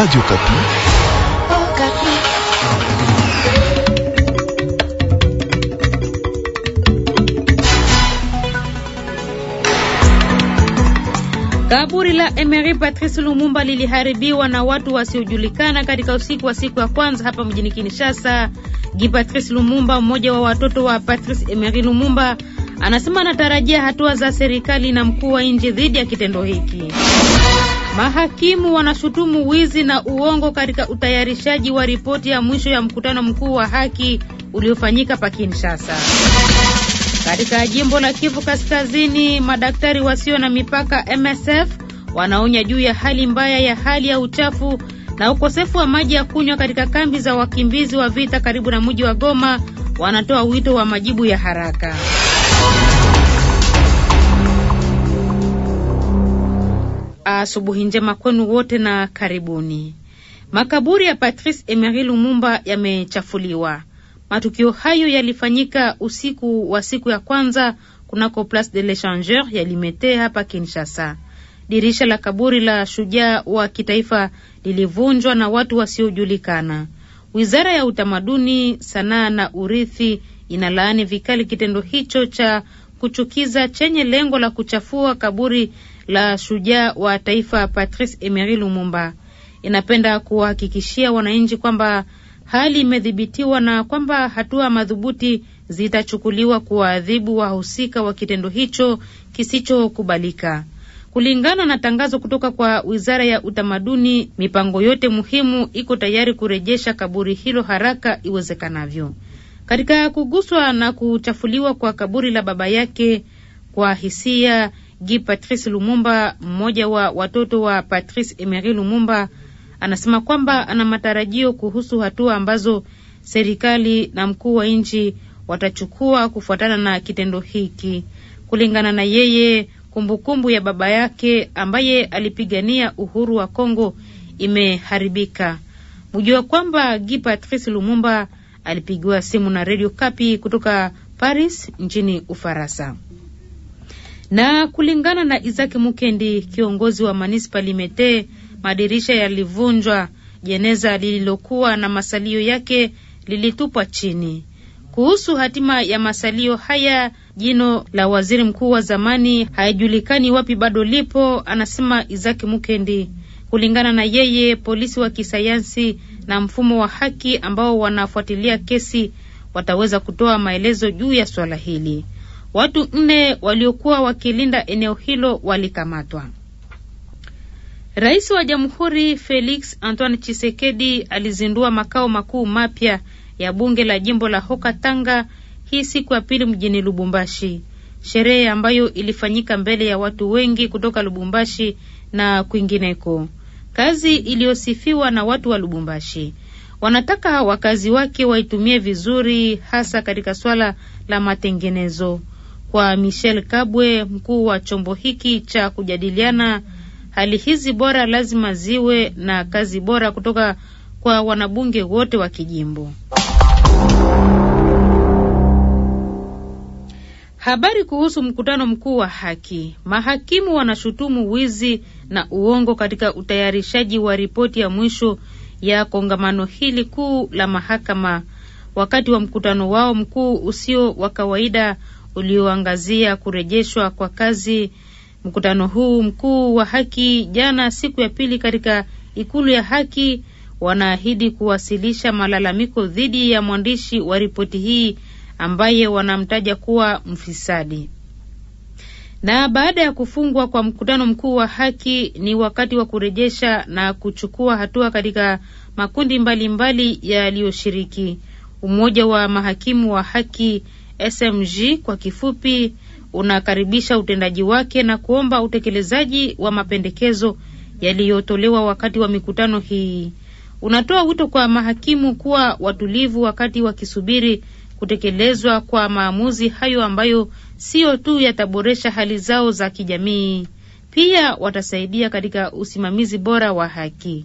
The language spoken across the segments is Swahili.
Radio Kapi. Oh, Kapi. Kaburi la Emery Patrice Lumumba liliharibiwa na watu wasiojulikana katika usiku wa siku ya kwanza hapa mjini Kinshasa. Gi Patrice Lumumba, mmoja wa watoto wa Patrice Emery Lumumba, anasema anatarajia hatua za serikali na mkuu wa nchi dhidi ya kitendo hiki. Mahakimu wanashutumu wizi na uongo katika utayarishaji wa ripoti ya mwisho ya mkutano mkuu wa haki uliofanyika pa Kinshasa. Katika jimbo la Kivu Kaskazini, madaktari wasio na mipaka MSF wanaonya juu ya hali mbaya ya hali ya uchafu na ukosefu wa maji ya kunywa katika kambi za wakimbizi wa vita karibu na mji wa Goma. Wanatoa wito wa majibu ya haraka. Asubuhi njema kwenu wote na karibuni. Makaburi ya Patrice Emery Lumumba yamechafuliwa. Matukio hayo yalifanyika usiku wa siku ya kwanza kunako Place de l'Echangeur ya Limete hapa Kinshasa. Dirisha la kaburi la shujaa wa kitaifa lilivunjwa na watu wasiojulikana. Wizara ya Utamaduni, Sanaa na Urithi inalaani vikali kitendo hicho cha kuchukiza chenye lengo la kuchafua kaburi la shujaa wa taifa Patrice Emery Lumumba. Inapenda kuwahakikishia wananchi kwamba hali imedhibitiwa na kwamba hatua madhubuti zitachukuliwa kuwaadhibu wahusika wa kitendo hicho kisichokubalika. Kulingana na tangazo kutoka kwa wizara ya utamaduni, mipango yote muhimu iko tayari kurejesha kaburi hilo haraka iwezekanavyo. Katika kuguswa na kuchafuliwa kwa kaburi la baba yake kwa hisia Gi Patrice Lumumba, mmoja wa watoto wa Patrice Emery Lumumba, anasema kwamba ana matarajio kuhusu hatua ambazo serikali na mkuu wa nchi watachukua kufuatana na kitendo hiki. Kulingana na yeye, kumbukumbu kumbu ya baba yake ambaye alipigania uhuru wa Kongo imeharibika. Mujua kwamba Gi Patrice Lumumba alipigiwa simu na Radio Kapi kutoka Paris nchini Ufaransa. Na kulingana na Isaac Mukendi, kiongozi wa manispa Limete, madirisha yalivunjwa, jeneza lililokuwa na masalio yake lilitupwa chini. Kuhusu hatima ya masalio haya, jino la waziri mkuu wa zamani haijulikani wapi bado lipo, anasema Isaac Mukendi. Kulingana na yeye, polisi wa kisayansi na mfumo wa haki ambao wanafuatilia kesi wataweza kutoa maelezo juu ya swala hili. Watu nne waliokuwa wakilinda eneo hilo walikamatwa. Rais wa Jamhuri Felix Antoine chisekedi alizindua makao makuu mapya ya bunge la jimbo la hoka tanga hii siku ya pili mjini Lubumbashi, sherehe ambayo ilifanyika mbele ya watu wengi kutoka Lubumbashi na kwingineko. Kazi iliyosifiwa na watu wa Lubumbashi wanataka wakazi wake waitumie vizuri, hasa katika swala la matengenezo. Kwa Michel Kabwe, mkuu wa chombo hiki cha kujadiliana hali hizi, bora lazima ziwe na kazi bora kutoka kwa wanabunge wote wa kijimbo. Habari kuhusu mkutano mkuu wa haki. Mahakimu wanashutumu wizi na uongo katika utayarishaji wa ripoti ya mwisho ya kongamano hili kuu la mahakama. Wakati wa mkutano wao mkuu usio wa kawaida ulioangazia kurejeshwa kwa kazi. Mkutano huu mkuu wa haki jana siku ya pili katika ikulu ya haki wanaahidi kuwasilisha malalamiko dhidi ya mwandishi wa ripoti hii ambaye wanamtaja kuwa mfisadi. Na baada ya kufungwa kwa mkutano mkuu wa haki, ni wakati wa kurejesha na kuchukua hatua katika makundi mbalimbali yaliyoshiriki. Umoja wa mahakimu wa haki SMG kwa kifupi, unakaribisha utendaji wake na kuomba utekelezaji wa mapendekezo yaliyotolewa wakati wa mikutano hii. Unatoa wito kwa mahakimu kuwa watulivu wakati wakisubiri kutekelezwa kwa maamuzi hayo ambayo sio tu yataboresha hali zao za kijamii, pia watasaidia katika usimamizi bora wa haki.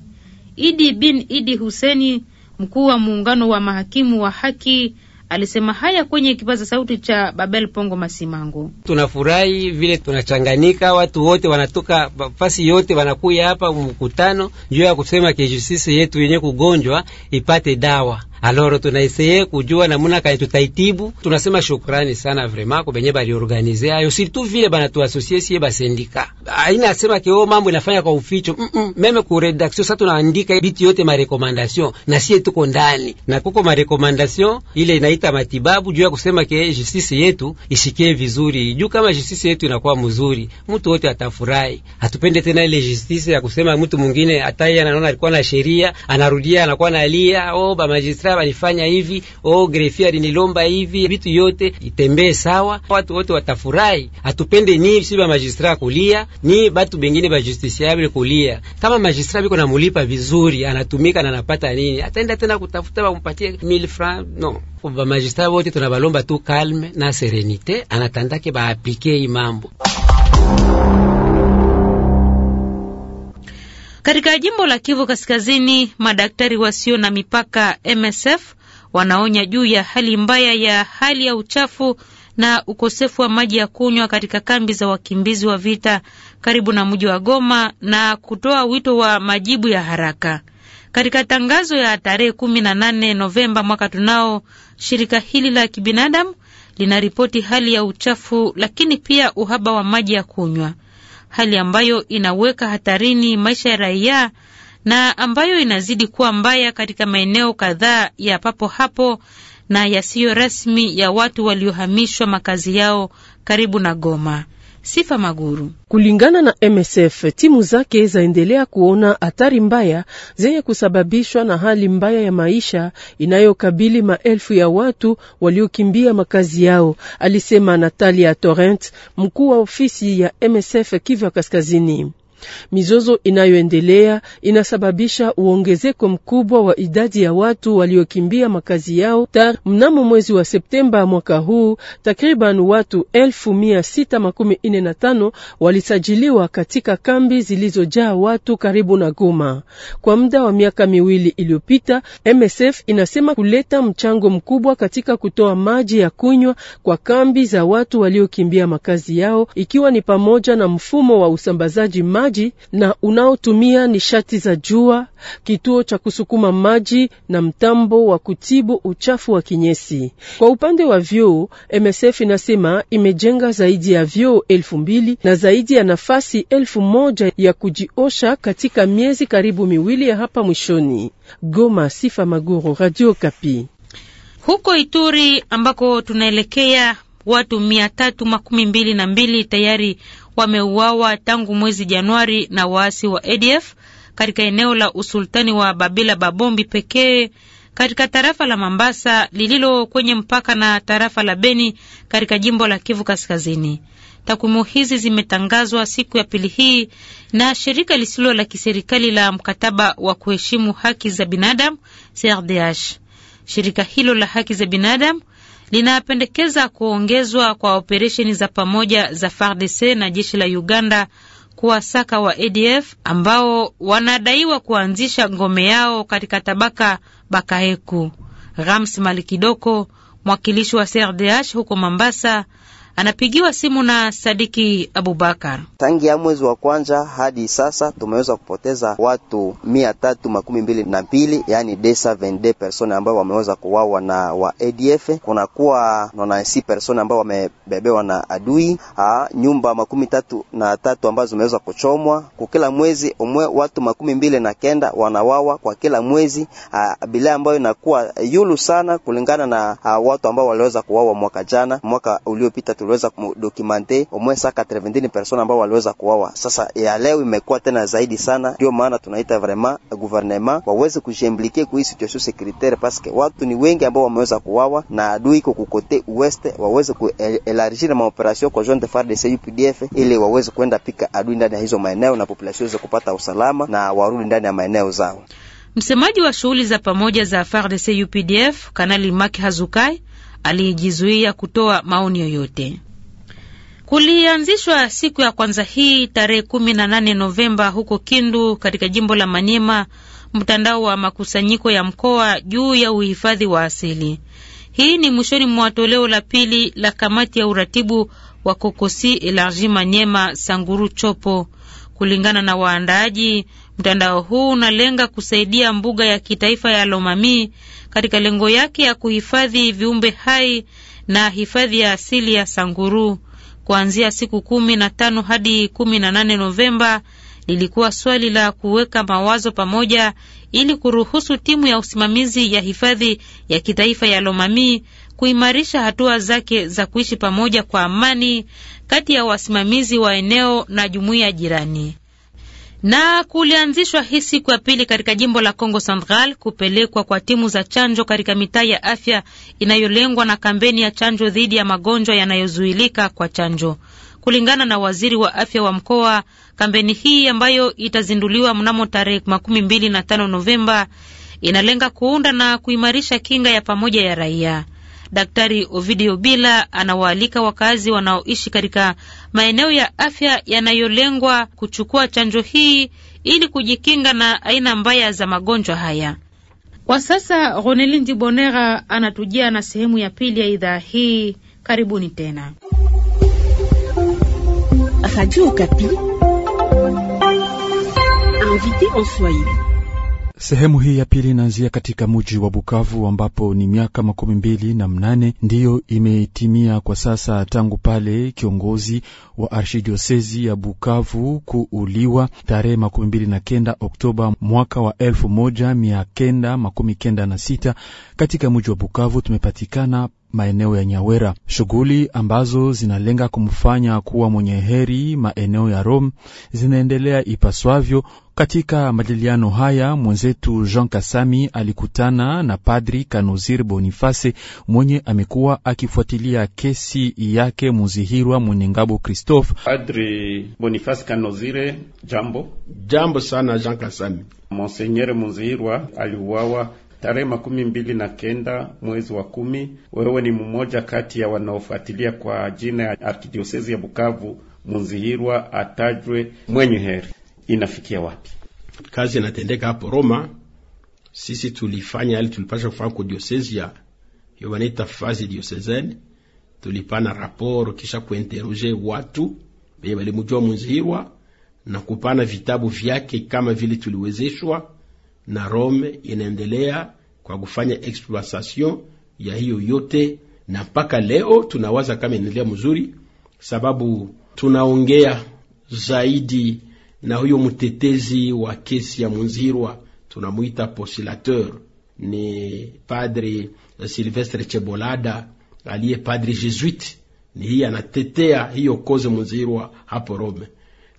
Idi bin Idi Huseni, mkuu wa muungano wa mahakimu wa haki Alisema haya kwenye kipaza sauti cha Babel Pongo Masimango. Tunafurahi vile tunachanganika, watu wote wanatoka fasi yote wanakuya hapa mkutano juu ya kusema kesho yetu yenye kugonjwa ipate dawa aloro tunaiseeye kujua namuna kani tutaitibu. Tunasema shukrani sana vrema kubenye benye baliorganize ayo, surtout vile banatuasosie sie basendika. Aina asema keo oh, mambo inafanya kwa uficho mm -mm. Meme ku redaction sa tunaandika biti yote marekomandasyon na siye tuko ndani na kuko marekomandasyon ile inaita matibabu juu ya kusema ke justice yetu ishikie vizuri, juu kama justice yetu inakuwa mzuri mtu wote atafurahi. Hatupende tena ile justice ya kusema mtu mwingine hata yeye anaona alikuwa na sheria anarudia anakuwa na lia oba oh, magistrat balifanya walifanya hivi, oh grefia alinilomba hivi, vitu yote itembee sawa, watu wote watafurahi. Hatupende ni si ba magistrat kulia, ni batu bengine ba justiciable kulia. Kama magistrat biko namulipa vizuri, anatumika na anapata nini? Ataenda tena kutafuta bamupatie 1000 francs? No, ba magistrat wote tunabalomba tu calme na serenite, anatandake baaplike hii mambo Katika jimbo la Kivu Kaskazini, madaktari wasio na mipaka MSF wanaonya juu ya hali mbaya ya hali ya uchafu na ukosefu wa maji ya kunywa katika kambi za wakimbizi wa vita karibu na mji wa Goma na kutoa wito wa majibu ya haraka. Katika tangazo ya tarehe 18 Novemba mwaka tunao, shirika hili la kibinadamu linaripoti hali ya uchafu, lakini pia uhaba wa maji ya kunywa hali ambayo inaweka hatarini maisha ya raia na ambayo inazidi kuwa mbaya katika maeneo kadhaa ya papo hapo na yasiyo rasmi ya watu waliohamishwa makazi yao karibu na Goma. Sifa Maguru. Kulingana na MSF, timu zake zaendelea kuona hatari mbaya zenye kusababishwa na hali mbaya ya maisha inayokabili maelfu ya watu waliokimbia makazi yao, alisema Natalia Torrent, mkuu wa ofisi ya MSF Kivu Kaskazini. Mizozo inayoendelea inasababisha uongezeko mkubwa wa idadi ya watu waliokimbia makazi yao. Tar mnamo mwezi wa Septemba mwaka huu takriban watu elfu walisajiliwa katika kambi zilizojaa watu karibu na Goma. Kwa muda wa miaka miwili iliyopita, MSF inasema kuleta mchango mkubwa katika kutoa maji ya kunywa kwa kambi za watu waliokimbia makazi yao, ikiwa ni pamoja na mfumo wa usambazaji maji maji na unaotumia nishati za jua, kituo cha kusukuma maji na mtambo wa kutibu uchafu wa kinyesi. Kwa upande wa vyoo, MSF inasema imejenga zaidi ya vyoo elfu mbili na zaidi ya nafasi elfu moja ya kujiosha katika miezi karibu miwili ya hapa mwishoni. Goma, Sifa Maguru, Radio Kapi. Huko Ituri ambako tunaelekea watu mia tatu makumi mbili na mbili tayari wameuawa tangu mwezi Januari na waasi wa ADF katika eneo la usultani wa Babila Babombi pekee katika tarafa la Mambasa lililo kwenye mpaka na tarafa la Beni katika jimbo la Kivu Kaskazini. Takwimu hizi zimetangazwa siku ya pili hii na shirika lisilo la kiserikali la mkataba wa kuheshimu haki za binadamu CRDH. Shirika hilo la haki za binadamu linapendekeza kuongezwa kwa operesheni za pamoja za FARDC na jeshi la Uganda kuwasaka wa ADF ambao wanadaiwa kuanzisha ngome yao katika tabaka bakaeku Rams Malikidoko, mwakilishi wa CRDH huko Mambasa, anapigiwa simu na Sadiki Abubakar. tangi ya mwezi wa kwanza hadi sasa tumeweza kupoteza watu mia tatu makumi mbili na mbili yani desa vende persone ambao wameweza kuwawa na wa ADF, kunakuwa si persone ambao wamebebewa na adui ha, ah, nyumba makumi tatu na tatu ambazo zimeweza kuchomwa. Kwa kila mwezi umwe watu makumi mbili na kenda wanawawa kwa kila mwezi ah, bila ambayo inakuwa yulu sana kulingana na ha, ah, watu ambao waliweza kuwawa mwaka jana, mwaka uliopita tuliweza kudokumente omwe saa 90 persone ambao waliweza kuwawa. Sasa ya leo imekuwa tena zaidi sana, ndio maana tunaita vraiment gouvernement waweze kujemblike kui hii situation securitaire, paske watu ni wengi ambao wameweza kuwawa na adui iko kukote west, waweze kuelargir el maoperation kwa jeune de FARDC UPDF, ili waweze kwenda pika adui ndani ya hizo maeneo na population iweze kupata usalama na warudi ndani ya maeneo zao. Msemaji wa shughuli za pamoja za FARDC UPDF Kanali Maki Hazukai aliyejizuia kutoa maoni yoyote. Kulianzishwa siku ya kwanza hii tarehe kumi na nane Novemba huko Kindu katika jimbo la Maniema mtandao wa makusanyiko ya mkoa juu ya uhifadhi wa asili. Hii ni mwishoni mwa toleo la pili la kamati ya uratibu wa Kokosi Elargi Manyema Sanguru Chopo. Kulingana na waandaaji, Mtandao huu unalenga kusaidia mbuga ya kitaifa ya Lomami katika lengo yake ya kuhifadhi viumbe hai na hifadhi ya asili ya Sanguru. Kuanzia siku kumi na tano hadi kumi na nane Novemba lilikuwa swali la kuweka mawazo pamoja ili kuruhusu timu ya usimamizi ya hifadhi ya kitaifa ya Lomami kuimarisha hatua zake za kuishi pamoja kwa amani kati ya wasimamizi wa eneo na jumuiya jirani. Na kulianzishwa hii siku ya pili katika jimbo la congo Central kupelekwa kwa timu za chanjo katika mitaa ya afya inayolengwa na kampeni ya chanjo dhidi ya magonjwa yanayozuilika kwa chanjo. Kulingana na waziri wa afya wa mkoa, kampeni hii ambayo itazinduliwa mnamo tarehe makumi mbili na tano Novemba inalenga kuunda na kuimarisha kinga ya pamoja ya raia. Daktari Ovidio Bila anawaalika wakazi wanaoishi katika maeneo ya afya yanayolengwa kuchukua chanjo hii ili kujikinga na aina mbaya za magonjwa haya. Kwa sasa Ronelindi Bonera anatujia na sehemu ya pili ya idhaa hii. Karibuni tena. Radio Okapi invité en Swahili. Sehemu hii ya pili inaanzia katika muji wa Bukavu ambapo ni miaka makumi mbili na mnane ndiyo imetimia kwa sasa tangu pale kiongozi wa arshidiosezi ya Bukavu kuuliwa tarehe makumi mbili na kenda Oktoba mwaka wa elfu moja mia kenda makumi kenda na sita katika muji wa Bukavu tumepatikana maeneo ya Nyawera, shughuli ambazo zinalenga kumfanya kuwa mwenye heri maeneo ya Rome zinaendelea ipaswavyo. Katika majadiliano haya mwenzetu Jean Kasami alikutana na Padri Kanozir Boniface mwenye amekuwa akifuatilia kesi yake Muzihirwa Mwenyengabo Christophe. Padri Boniface Kanozire, jambo. Jambo sana Jean Kasami. Monseigneur Muzihirwa aliuawa tarehe makumi mbili na kenda mwezi wa kumi. Wewe ni mmoja kati ya wanaofuatilia kwa jina ya arkidiosezi ya Bukavu, Munzihirwa atajwe mwenye heri. Inafikia wapi kazi inatendeka hapo Roma? Sisi tulifanya ali yaani tulipasha kufanya kwa diosezi ya hiyo fazi diosezen, tulipana rapor kisha kuinteroge watu benye Munzihirwa na kupana vitabu vyake kama vile tuliwezeshwa na Rome inaendelea kwa kufanya exploitation ya hiyo yote, na mpaka leo tunawaza kama inaendelea mzuri, sababu tunaongea zaidi na huyo mtetezi wa kesi ya Munzirwa, tunamuita postulateur, ni Padre Silvestre Chebolada aliye padri Jesuit, ni hii anatetea hiyo koze Munzirwa hapo Rome.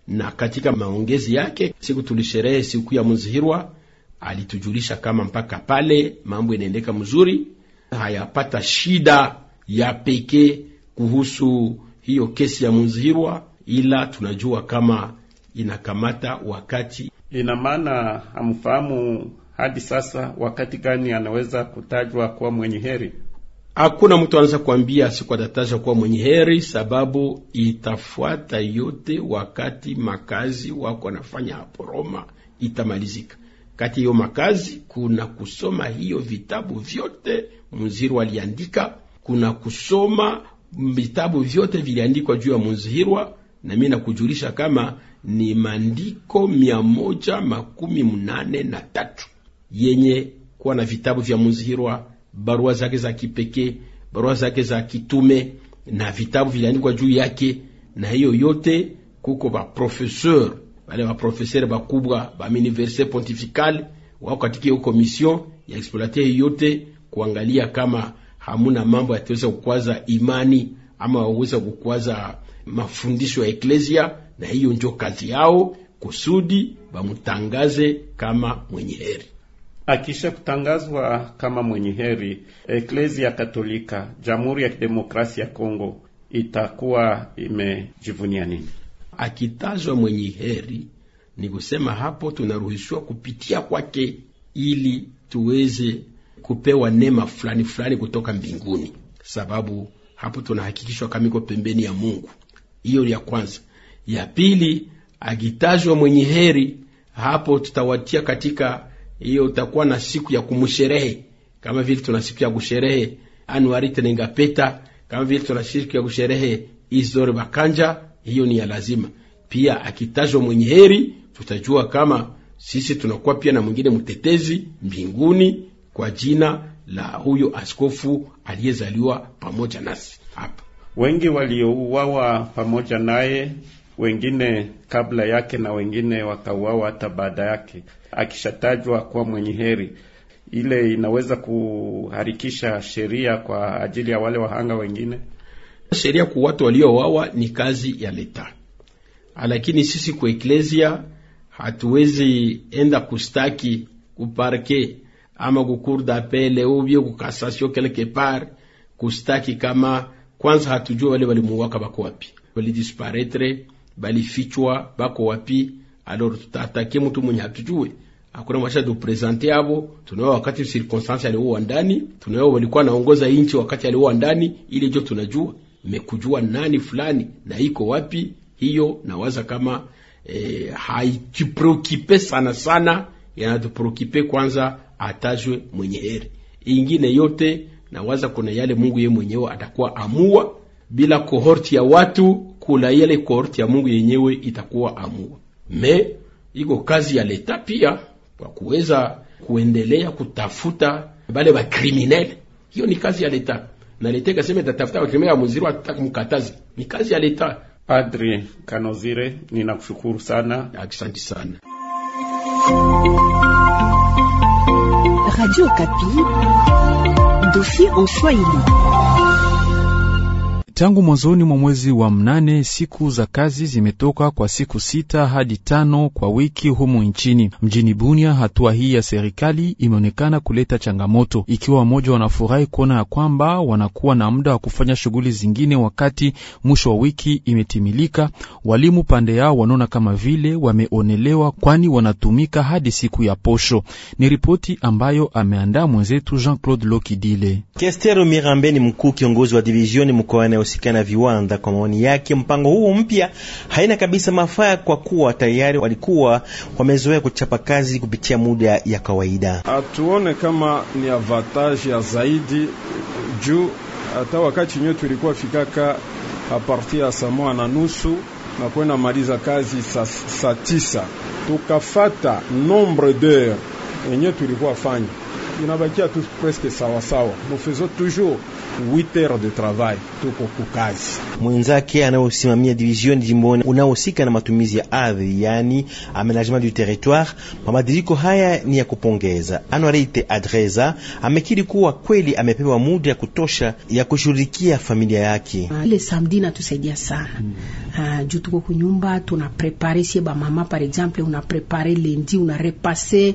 Na katika maongezi yake siku tulisherehe siku ya Munzirwa alitujulisha kama mpaka pale mambo inaendeka mzuri, hayapata shida ya pekee kuhusu hiyo kesi ya muzirwa ila tunajua kama inakamata wakati. Ina maana hamfahamu hadi sasa wakati gani anaweza kutajwa kuwa mwenye heri? Hakuna mtu anaweza kuambia siku atataja kuwa mwenye heri, sababu itafuata yote wakati makazi wako wanafanya hapo Roma itamalizika. Kati hiyo makazi kuna kusoma hiyo vitabu vyote Muzirwa aliandika, kuna kusoma vitabu vyote viliandikwa juu ya Muzirwa, na mimi nakujulisha kama ni maandiko mia moja makumi mnane na tatu yenye kuwa na vitabu vya Muzirwa, barua zake za kipekee, barua zake za kitume na vitabu viliandikwa juu yake, na hiyo yote kuko ba professeur bale baprofesere bakubwa ba universite pontificale wao katika hiyo komision ya exploiter yote kuangalia kama hamuna mambo yataweza kukwaza imani ama waweza kukwaza mafundisho ya eklesia, na hiyo njo kazi yao kusudi bamutangaze kama mwenye heri. Akisha kutangazwa kama mwenye heri, Eklesia Katolika Jamhuri ya Kidemokrasia ya Kongo itakuwa imejivunia nini? akitajwa mwenye heri, ni kusema hapo tunaruhusiwa kupitia kwake ili tuweze kupewa neema fulani fulani kutoka mbinguni, sababu hapo tunahakikishwa kama iko pembeni ya Mungu. Hiyo ya kwanza. Ya pili, akitajwa mwenye heri, hapo tutawatia katika hiyo, utakuwa na siku ya kumsherehe kama vile tuna siku ya kusherehe anuari tenengapeta, kama vile tuna siku ya kusherehe izore bakanja hiyo ni ya lazima. Pia akitajwa mwenye heri, tutajua kama sisi tunakuwa pia na mwingine mtetezi mbinguni kwa jina la huyo askofu aliyezaliwa pamoja nasi hapa. Wengi waliouawa pamoja naye, wengine kabla yake na wengine wakauawa hata baada yake, akishatajwa kuwa mwenye heri ile inaweza kuharikisha sheria kwa ajili ya wale wahanga wengine sheria kwa watu waliowawa ni kazi ya leta, lakini sisi kwa eklesia hatuwezi enda kustaki kuparke ama kukurda pele ubio kukasasio quelque par kustaki, kama kwanza hatujua wale walimuwaka bako wapi, walidisparetre, balifichwa bako wapi. Alors tutatake mtu mwenye hatujue akuna mwasha tupresente abo tunao wakati circonstance aliuwa ndani tunao walikuwa naongoza inchi wakati aliuwa ndani, ile jo tunajua mekujua nani fulani na iko wapi. Hiyo nawaza kama e, eh, haituprokipe sana sana, yanatuprokipe kwanza atajwe mwenye heri. Ingine yote nawaza kuna yale Mungu ye mwenyewe atakuwa amua bila kohorti ya watu, kula yale kohorti ya Mungu yenyewe itakuwa amua. Me iko kazi ya leta pia kwa kuweza kuendelea kutafuta bale bakriminele, hiyo ni kazi ya leta na leta kasema itatafuta wakrimea ya muziri atakumkataza. Ni kazi ya leta. Padri Kanozire, ninakushukuru sana, asante sana. Radio Kapi, dossier en Swahili. Tangu mwanzoni mwa mwezi wa mnane siku za kazi zimetoka kwa siku sita hadi tano kwa wiki humu nchini. Mjini Bunia, hatua hii ya serikali imeonekana kuleta changamoto, ikiwa wamoja wanafurahi kuona ya kwamba wanakuwa na muda wa kufanya shughuli zingine wakati mwisho wa wiki imetimilika. Walimu pande yao wanaona kama vile wameonelewa, kwani wanatumika hadi siku ya posho. Ni ripoti ambayo ameandaa mwenzetu Jean Claude Lokidile. Kestero Mirambe ni mkuu kiongozi wa divisioni mkoa wanaohusika na viwanda. Kwa maoni yake, mpango huo mpya haina kabisa mafaa kwa kuwa tayari walikuwa wamezoea kuchapa kazi kupitia muda ya kawaida. Hatuone kama ni avantage ya zaidi juu hata wakati nyewe tulikuwa fikaka partir ya saa moja na nusu na kwenda maliza kazi saa sa tisa, tukafata nombre d'heure enye tulikuwa fanya inabakia tu presque sawasawa, mufezo toujours heures de travail, tuko kukazi. Mwenzake anaosimamia division jimboni unaohusika na matumizi ya ardhi, yani amenagement du territoire. Mabadiliko haya ni ya kupongeza. Anwarite Adreza amekiri kuwa kweli amepewa muda ya kutosha ya kushughulikia familia yake. Ah, ile samedi natusaidia sana uh, juu tuko kunyumba tunaprepare, sie bamama par exemple unaprepare lendi, unarepase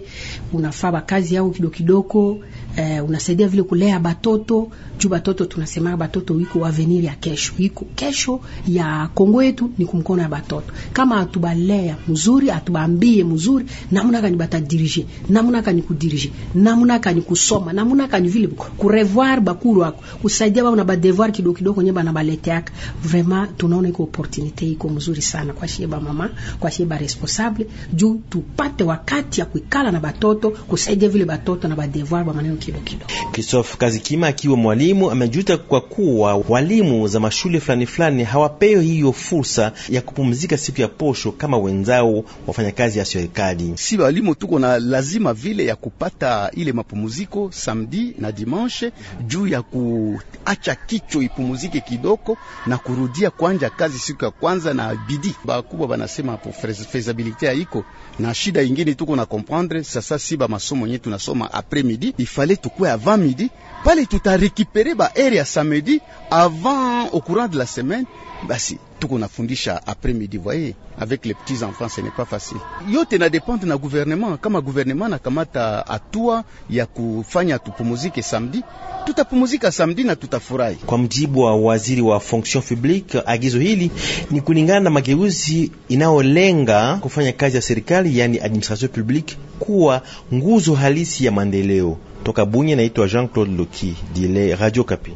unafaa bakazi yao kidogo kidogo, uh, unasaidia vile kulea batoto juu batoto tunasema batoto iko avenir ya kesho, iko kesho ya Kongo yetu ni kumkono ya batoto. Kama atubalea mzuri, atubambie mzuri, namna gani batadirije, namna gani kudirije, namna gani kusoma, namna gani vile kurevoir bakuru wako kusaidia ba una ba devoir kidogo kidogo nyeba na baleteaka, vraiment tunaona iko opportunity mentalite iko mzuri sana kwa shieba mama, kwa shieba responsable, juu tupate wakati ya kuikala na batoto kusaidia vile batoto na ba devoir ba maneno kidogo kidogo. Christophe Kazikima akiwa mwalimu amejuta kwa kuwa walimu za mashule fulani fulani hawapewi hiyo fursa ya kupumzika siku ya posho kama wenzao wafanyakazi ya serikali. Si walimu tuko na lazima vile ya kupata ile mapumziko samedi na dimanche juu ya kuacha kichwa ipumzike kidogo na kurudia kwanja kazi siku ya kwanza na bidii. Bakubwa banasema hapo feasibility haiko na shida ingine, tuko na comprendre sasa. Si ba masomo yetu tunasoma après midi, ifale tukue avant midi pale, tutarekipere ba area samedi avant au courant de la semaine basi tuko nafundisha après midi, voyez avec les petits enfants ce n'est pas facile. Yote na depende na gouvernement. Kama gouvernement na nakamata hatua ya kufanya tupumuzike samedi, tutapumuzika samedi na tutafurahi. Kwa mjibu wa waziri wa fonction publique, agizo hili ni kulingana na mageuzi inayolenga kufanya kazi ya serikali, yani administration publique, kuwa nguzo halisi ya maendeleo. Toka Bunya, naitwa Jean-Claude Loki dile Radio Kapi.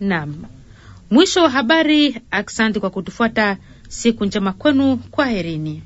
Naam. Mwisho wa habari. Asante kwa kutufuata. Siku njema kwenu, kwaherini.